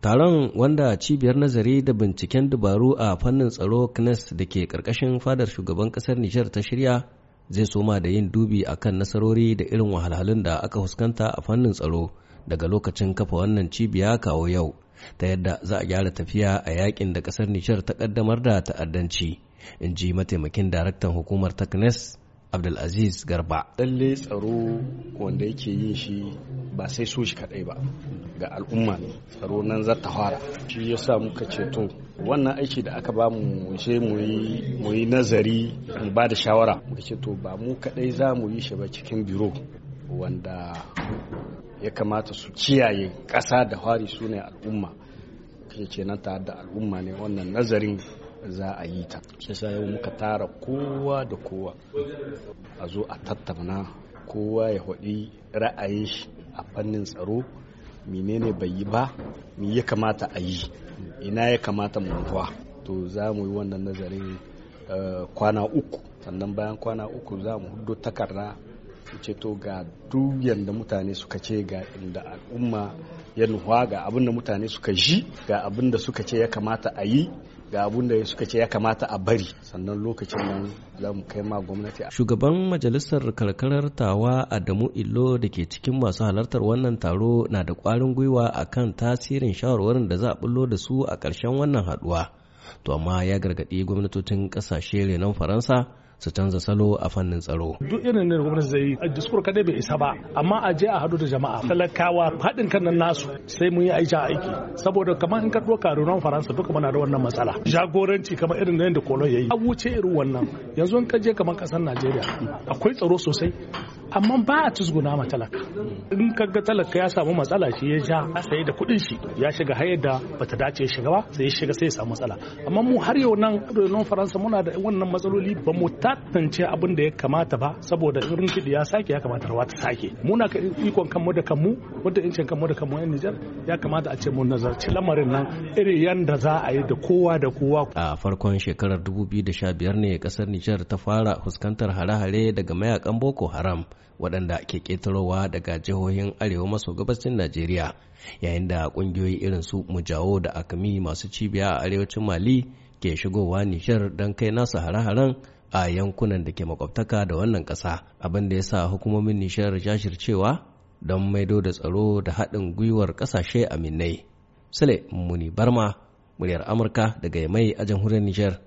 Taron wanda cibiyar nazari da binciken dabaru a fannin tsaro CNES da ke ƙarƙashin fadar shugaban ƙasar Nijar ta shirya zai soma da yin dubi a kan nasarori da irin wahalhalun da aka fuskanta a fannin tsaro daga lokacin kafa wannan cibiya kawo yau ta yadda za a gyara tafiya a yakin da ƙasar Nijar ta ƙaddamar da ta'addanci in ji mataimakin daraktan hukumar ta CNES Abdulaziz Garba. Lalle tsaro wanda yake yin shi ba sai su shi kadai ba ga al'umma ne tsaro nan za ta fara shi sa muka ceto. wannan aiki da aka ba mu je mu yi nazari mu ba da shawara muka ce ba mu kadai za mu yi shi ba cikin biro wanda ya kamata su kiyaye ƙasa da fari su ne al'umma ce nan tare da al'umma ne wannan nazarin za a yi ta shi sa yau muka tara kowa da kowa a zo a tattauna kowa ya haɗi ra'ayin shi a fannin tsaro menene bai yi ba me ya kamata a yi ina ya kamata mu to za mu yi wannan nazarin eh, kwana uku sannan bayan kwana uku za mu hudo takarda ce to ga duk yadda mutane suka ce ga inda al'umma ya nuhuwa ga abin mutane suka ji ga abinda suka ce ya kamata a yi ga abun da suka ce ya kamata a bari sannan lokacin nan za mu kai ma gwamnati shugaban majalisar karkarar tawa adamu illo da ke cikin masu halartar wannan taro na da kwarin gwiwa akan tasirin shawarwarin da za a bullo da su a ƙarshen wannan haduwa to amma ya gargaɗi gwamnatocin ƙasashe renon faransa su canza salo a fannin tsaro. Duk irin ne gwamnati zai yi diskur kadai bai isa ba amma a je a hadu da jama'a talakawa haɗin kan nan nasu sai mun yi aiki aiki saboda kamar in ka ɗauka renon faransa duka muna da wannan matsala jagoranci kamar irin na yadda kolon ya yi. A wuce irin wannan yanzu in ka je kamar ƙasar Najeriya akwai tsaro sosai amma ba a tusguna ma talaka in kaga talaka ya samu matsala shi ya sha sai da kuɗin shi ya shiga hayar da bata dace ya shiga ba sai ya shiga sai ya samu matsala amma mu har yau nan renon faransa muna da wannan matsaloli ba mu tantance abin da ya kamata ba saboda irin kiɗi ya sake ya kamata rawa ta sake muna ka ikon kanmu da kanmu wanda in kanmu da kanmu yan Nijar ya kamata a ce mu nazarci lamarin nan irin yanda za a yi da kowa da kowa a farkon shekarar 2015 ne kasar Nijar ta fara fuskantar hare-hare daga mayakan Boko Haram waɗanda ke ƙetarowa daga jihohin arewa maso gabashin najeriya yayin da ƙungiyoyi irin su mujawo da akami masu cibiya a arewacin mali ke shigowa nishar don kai nasu hare-haren a yankunan da ke makwabtaka da wannan ƙasa abin da ya sa hukumomin nishar jashircewa don maido da tsaro da haɗin gwiwar ƙasashe aminai sule muni barma muryar amurka daga mai a jamhuriyar nijar